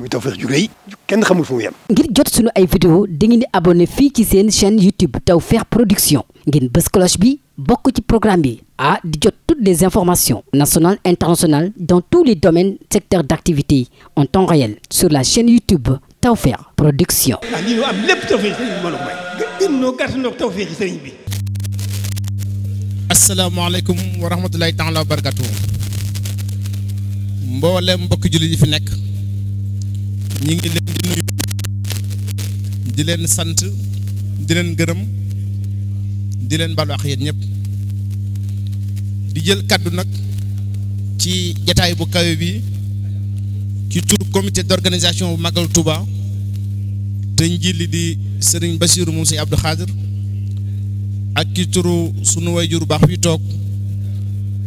muy Tawfekh ju rëy kenn xamul fu mu ngir jot sunu ay vidéo dangeen di abonné fii ci seen chaîne YouTube Tawfekh Production ngeen bës bi bokk ci programme bi ah di jot toutes les informations nationales internationales dans tous les domaines secteurs d'activité en temps réel sur la chaine YouTube Tawfekh Production. ah lii ñu am lépp Tawfekh sëriñ bi moom bi. asalaamaaleykum wa rahmatulahi taala wa barakatuh mboolem mbokki jullit yi fi nekk. ñi ngi leen di leen sant di leen gërëm di leen balu ak yéen di jël kàddu nag ci jataay bu kawe bi ci tur comité d'organisation bu Magal Touba te njiit di sëriñ Bassirou moom si Abdou Khadir ak ci turu sunu wayjur baax wi toog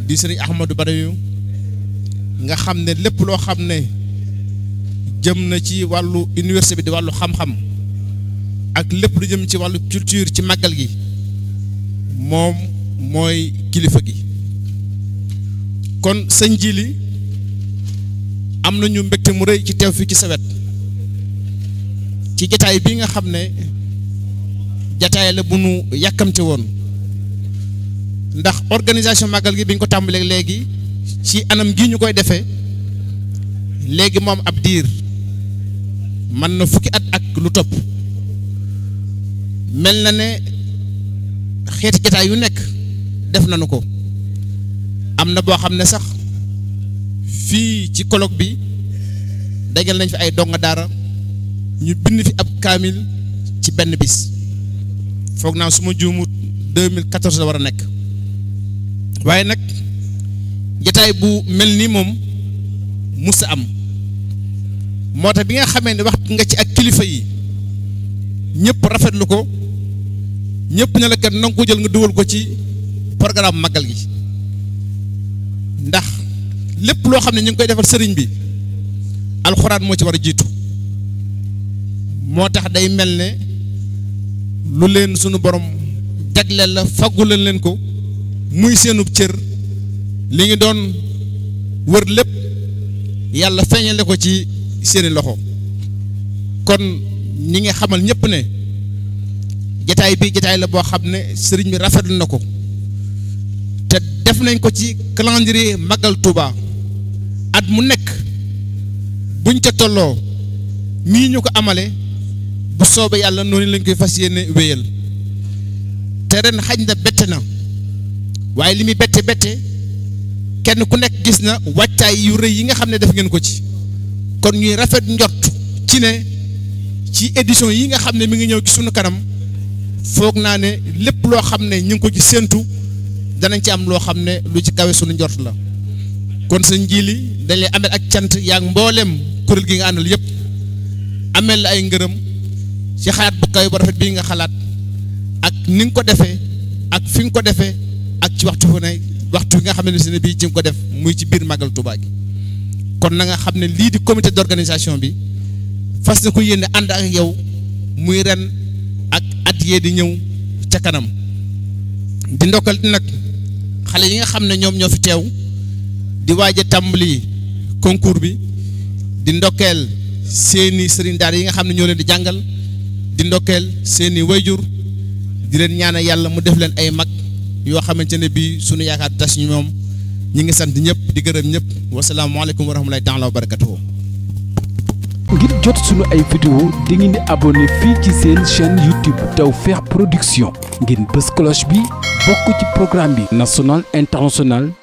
di sëriñ Ahmadou Badayu nga xam ne lépp loo xam ne jëm na ci wàllu université bi di wàllu xam-xam ak lépp lu jëm ci wàllu culture ci màggal gi moom mooy kilifa gi kon sëñ Jili am nañu mbégte mu rëy ci teew fii ci sawet ci jataay bii nga xam ne jataay la bu nu yàkkamte woon ndax organisation màggal gi bi ñu ko tàmbalee léegi ci anam gii ñu koy defee léegi moom ab diir mën na fukki at ak lu topp mel na ne xeeti jataay yu nekk def nañu ko am na boo xam ne sax fii ci colloque bi dajal nañ fi ay donga daara ñu bind fi ab kaamil ci benn bis foog naa su ma juumut 2014 la war a nekk waaye nag jataay bu mel nii moom musa am moo tax bi nga xamee ne wax nga ci ak kilifa yi ñëpp rafetlu ko ñëpp ne la kat na jël nga dugal ko ci programme màggal gi ndax lépp loo xam ne ñu ngi koy defal sëriñ bi alxuraan moo ci war a jiitu moo tax day mel ne lu leen sunu borom jagleel la fagguleen leen ko muy seenub cër li ngi doon wër lépp yàlla feeñale ko ci seeni loxo kon ñi nga xamal ñëpp ne jataay bi jataay la boo xam ne sëriñ bi rafetlu na ko te def nañ ko ci calendrier Magal Touba at mu nekk buñ ca tolloo nii ñu ko amale bu soobee yàlla noonu lañ koy fas yéene wéyal te ren xaj na bette na waaye li muy bette bette kenn ku nekk gis na wàccaay yu rëy yi nga xam ne def ngeen ko ci kon ñuy rafet njort ci ne ci édition yi nga xam ne mi ngi ñëw ci sunu kanam foog naa ne lépp loo xam ne ñu ngi ko ci séentu danañ ci am loo xam ne lu ci kawe sunu njort la kon sa njiili dañ lay amel ak cant yaa mbooleem mboolem kuréel gi nga àndal yëpp amel la ay ngërëm ci xalaat bu kawe bu rafet bii nga xalaat ak ni nga ko defee ak fi nga ko defee ak ci waxtu fu ne waxtu bi nga xam ne si ne bii jëm ko def muy ci biir màggal Tuubaa gi kon na nga xam ne lii di comité d'organisation bi fas na ko yéene ànd ak yow muy ren ak at yee di ñëw ca kanam di ndokkal di nag xale yi nga xam ne ñoom ñoo fi teew di waaj tàmbali concours bi di ndokkeel seeni sëriñ yi nga xam ne ñoo leen di jàngal di ndokkeel seeni wayjur di leen ñaanal yàlla mu def leen ay mag yoo xamante ne bii suñu yaakaar tas ñu moom ñi ngi sant ñëpp di gërëm ñëpp wasalaamualeykum wa rahmatulahi taala wa barakatuhu ngir jot sunu ay vidéo di ngeen di abonné fii ci seen chaîne YouTube Tawfekh Production ngeen bës cloche bi bokk ci programme bi national international